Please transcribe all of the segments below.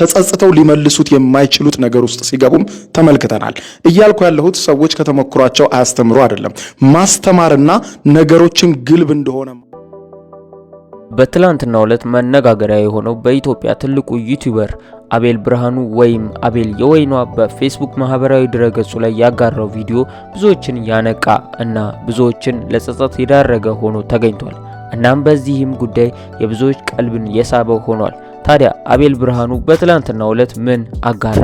ተጸጽተው ሊመልሱት የማይችሉት ነገር ውስጥ ሲገቡም ተመልክተናል። እያልኩ ያለሁት ሰዎች ከተሞክሯቸው አያስተምሩ አይደለም፣ ማስተማርና ነገሮችን ግልብ እንደሆነ በትላንትናው ዕለት መነጋገሪያ የሆነው በኢትዮጵያ ትልቁ ዩቲዩበር አቤል ብርሃኑ ወይም አቤል የወይኗ በፌስቡክ ማህበራዊ ድረገጹ ላይ ያጋራው ቪዲዮ ብዙዎችን ያነቃ እና ብዙዎችን ለጸጸት የዳረገ ሆኖ ተገኝቷል። እናም በዚህም ጉዳይ የብዙዎች ቀልብን የሳበው ሆኗል። ታዲያ አቤል ብርሃኑ በትላንትናው ዕለት ምን አጋራ?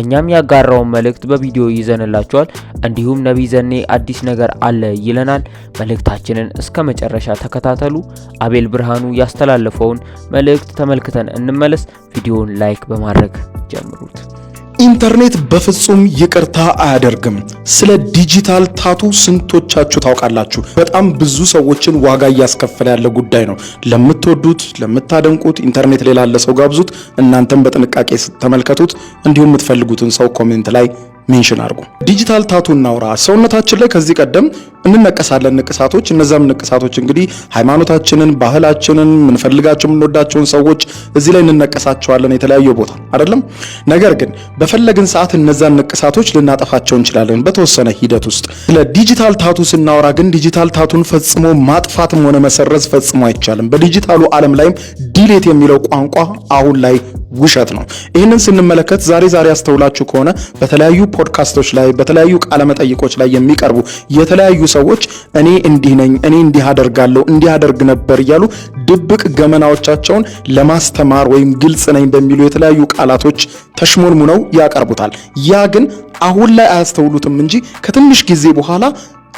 እኛም ያጋራውን መልእክት በቪዲዮ ይዘንላችኋል። እንዲሁም ነቢይ ዘኔ አዲስ ነገር አለ ይለናል። መልእክታችንን እስከ መጨረሻ ተከታተሉ። አቤል ብርሃኑ ያስተላለፈውን መልእክት ተመልክተን እንመለስ። ቪዲዮውን ላይክ በማድረግ ጀምሩት። ኢንተርኔት በፍጹም ይቅርታ አያደርግም። ስለ ዲጂታል ታቱ ስንቶቻችሁ ታውቃላችሁ? በጣም ብዙ ሰዎችን ዋጋ እያስከፈለ ያለ ጉዳይ ነው። ለምትወዱት ለምታደንቁት ኢንተርኔት ሌላ ያለ ሰው ጋብዙት፣ እናንተም በጥንቃቄ ስተመልከቱት እንዲሁም የምትፈልጉትን ሰው ኮሜንት ላይ ሜንሽን አድርጉ። ዲጂታል ታቱ እናውራ። ሰውነታችን ላይ ከዚህ ቀደም እንነቀሳለን ንቅሳቶች። እነዛም ንቅሳቶች እንግዲህ ሃይማኖታችንን፣ ባህላችንን፣ ምንፈልጋቸው የምንወዳቸውን ሰዎች እዚህ ላይ እንነቀሳቸዋለን የተለያየ ቦታ አይደለም። ነገር ግን በፈለግን ሰዓት እነዛን ንቅሳቶች ልናጠፋቸው እንችላለን በተወሰነ ሂደት ውስጥ። ስለ ዲጂታል ታቱ ስናወራ ግን ዲጂታል ታቱን ፈጽሞ ማጥፋትም ሆነ መሰረዝ ፈጽሞ አይቻልም። በዲጂታሉ ዓለም ላይም ዲሌት የሚለው ቋንቋ አሁን ላይ ውሸት ነው። ይህንን ስንመለከት ዛሬ ዛሬ ያስተውላችሁ ከሆነ በተለያዩ ፖድካስቶች ላይ በተለያዩ ቃለመጠይቆች ላይ የሚቀርቡ የተለያዩ ሰዎች እኔ እንዲህ ነኝ፣ እኔ እንዲህ አደርጋለሁ፣ እንዲህ አደርግ ነበር እያሉ ድብቅ ገመናዎቻቸውን ለማስተማር ወይም ግልጽ ነኝ በሚሉ የተለያዩ ቃላቶች ነው ያቀርቡታል። ያ ግን አሁን ላይ አያስተውሉትም እንጂ ከትንሽ ጊዜ በኋላ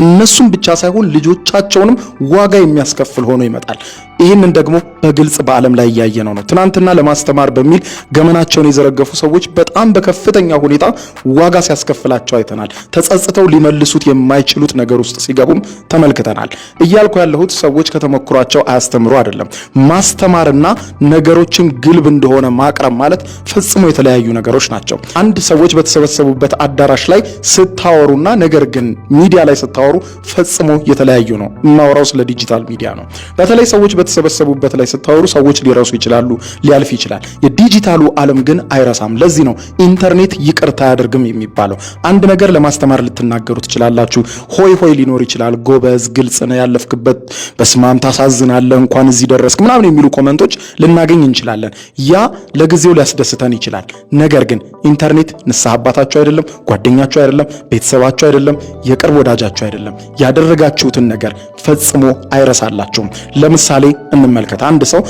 እነሱም ብቻ ሳይሆን ልጆቻቸውንም ዋጋ የሚያስከፍል ሆኖ ይመጣል። ይህንን ደግሞ በግልጽ በዓለም ላይ እያየነው ነው። ትናንትና ለማስተማር በሚል ገመናቸውን የዘረገፉ ሰዎች በጣም በከፍተኛ ሁኔታ ዋጋ ሲያስከፍላቸው አይተናል። ተጸጽተው ሊመልሱት የማይችሉት ነገር ውስጥ ሲገቡም ተመልክተናል። እያልኩ ያለሁት ሰዎች ከተሞክሯቸው አያስተምሩ አይደለም። ማስተማርና ነገሮችን ግልብ እንደሆነ ማቅረብ ማለት ፈጽሞ የተለያዩ ነገሮች ናቸው። አንድ ሰዎች በተሰበሰቡበት አዳራሽ ላይ ስታወሩና ነገር ግን ሚዲያ ላይ ስታወሩ ፈጽሞ የተለያዩ ነው። የማወራው ስለ ዲጂታል ሚዲያ ነው። በተለይ ሰዎች በተሰበሰቡበት ላይ ስታወሩ ሰዎች ሊረሱ ይችላሉ፣ ሊያልፍ ይችላል። የዲጂታሉ ዓለም ግን አይረሳም። ለዚህ ነው ኢንተርኔት ይቅርታ አያደርግም የሚባለው። አንድ ነገር ለማስተማር ልትናገሩ ትችላላችሁ። ሆይ ሆይ ሊኖር ይችላል። ጎበዝ፣ ግልጽ ነው ያለፍክበት፣ በስማም ታሳዝናለህ፣ እንኳን እዚህ ደረስክ ምናምን የሚሉ ኮመንቶች ልናገኝ እንችላለን። ያ ለጊዜው ሊያስደስተን ይችላል። ነገር ግን ኢንተርኔት ንስሐ አባታችሁ አይደለም፣ ጓደኛችሁ አይደለም፣ ቤተሰባችሁ አይደለም፣ የቅርብ ወዳጃችሁ አይደለም። ያደረጋችሁትን ነገር ፈጽሞ አይረሳላችሁም። ለምሳሌ እንመልከት። አንድ ሰው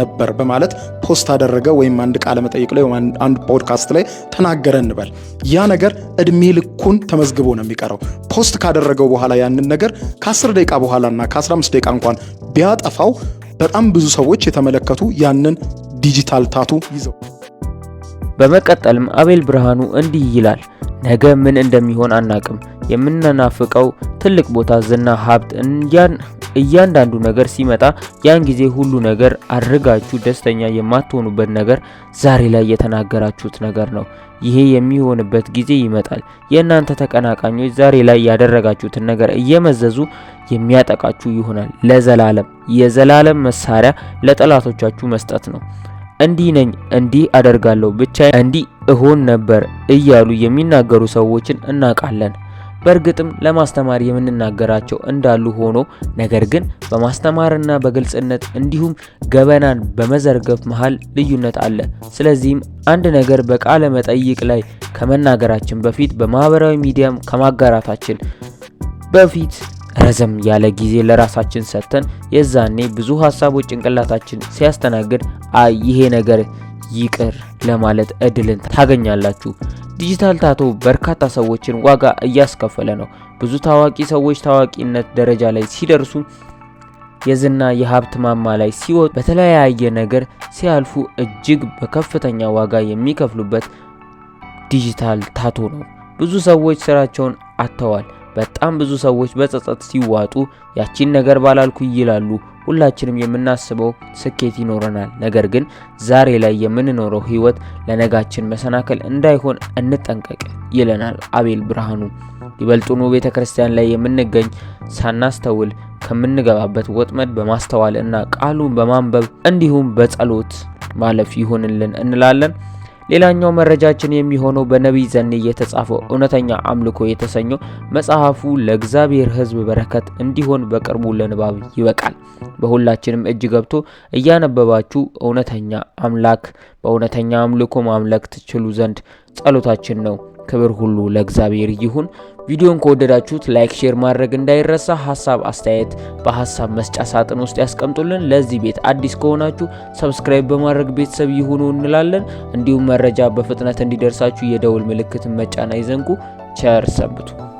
ነበር በማለት ፖስት አደረገ ወይም አንድ ቃለ መጠይቅ ላይ ወይም አንድ ፖድካስት ላይ ተናገረ እንበል። ያ ነገር እድሜ ልኩን ተመዝግቦ ነው የሚቀረው። ፖስት ካደረገው በኋላ ያንን ነገር ከ10 ደቂቃ በኋላና ከ15 ደቂቃ እንኳን ቢያጠፋው በጣም ብዙ ሰዎች የተመለከቱ ያንን ዲጂታል ታቱ ይዘው። በመቀጠልም አቤል ብርሃኑ እንዲህ ይላል። ነገ ምን እንደሚሆን አናቅም። የምንናፍቀው ትልቅ ቦታ፣ ዝና፣ ሀብት እያን እያንዳንዱ ነገር ሲመጣ ያን ጊዜ ሁሉ ነገር አድርጋችሁ ደስተኛ የማትሆኑበት ነገር ዛሬ ላይ የተናገራችሁት ነገር ነው። ይሄ የሚሆንበት ጊዜ ይመጣል። የእናንተ ተቀናቃኞች ዛሬ ላይ ያደረጋችሁትን ነገር እየመዘዙ የሚያጠቃችሁ ይሆናል። ለዘላለም የዘላለም መሳሪያ ለጠላቶቻችሁ መስጠት ነው። እንዲህ ነኝ፣ እንዲህ አደርጋለሁ፣ ብቻ እንዲህ እሆን ነበር እያሉ የሚናገሩ ሰዎችን እናውቃለን። በእርግጥም ለማስተማር የምንናገራቸው እንዳሉ ሆኖ ነገር ግን በማስተማርና በግልጽነት እንዲሁም ገበናን በመዘርገፍ መሃል ልዩነት አለ። ስለዚህም አንድ ነገር በቃለ መጠይቅ ላይ ከመናገራችን በፊት በማህበራዊ ሚዲያም ከማጋራታችን በፊት ረዘም ያለ ጊዜ ለራሳችን ሰጥተን የዛኔ ብዙ ሀሳቦች ጭንቅላታችን ሲያስተናግድ አይ ይሄ ነገር ይቅር ለማለት እድልን ታገኛላችሁ። ዲጂታል ታቶ በርካታ ሰዎችን ዋጋ እያስከፈለ ነው። ብዙ ታዋቂ ሰዎች ታዋቂነት ደረጃ ላይ ሲደርሱ የዝና የሀብት ማማ ላይ ሲወጡ በተለያየ ነገር ሲያልፉ እጅግ በከፍተኛ ዋጋ የሚከፍሉበት ዲጂታል ታቶ ነው። ብዙ ሰዎች ስራቸውን አጥተዋል። በጣም ብዙ ሰዎች በጸጸት ሲዋጡ ያቺን ነገር ባላልኩ ይላሉ። ሁላችንም የምናስበው ስኬት ይኖረናል። ነገር ግን ዛሬ ላይ የምንኖረው ህይወት ለነጋችን መሰናከል እንዳይሆን እንጠንቀቅ ይለናል አቤል ብርሃኑ። ይበልጡኑ ቤተ ክርስቲያን ላይ የምንገኝ ሳናስተውል ከምንገባበት ወጥመድ በማስተዋል እና ቃሉን በማንበብ እንዲሁም በጸሎት ማለፍ ይሆንልን እንላለን። ሌላኛው መረጃችን የሚሆነው በነቢይ ዘኔ የተጻፈው እውነተኛ አምልኮ የተሰኘው መጽሐፉ ለእግዚአብሔር ሕዝብ በረከት እንዲሆን በቅርቡ ለንባብ ይበቃል። በሁላችንም እጅ ገብቶ እያነበባችሁ እውነተኛ አምላክ በእውነተኛ አምልኮ ማምለክ ትችሉ ዘንድ ጸሎታችን ነው። ክብር ሁሉ ለእግዚአብሔር ይሁን። ቪዲዮን ከወደዳችሁት ላይክ፣ ሼር ማድረግ እንዳይረሳ። ሀሳብ አስተያየት በሀሳብ መስጫ ሳጥን ውስጥ ያስቀምጡልን። ለዚህ ቤት አዲስ ከሆናችሁ ሰብስክራይብ በማድረግ ቤተሰብ ይሁኑ እንላለን። እንዲሁም መረጃ በፍጥነት እንዲደርሳችሁ የደውል ምልክትን መጫን አይዘንጉ። ቸር ሰንብቱ።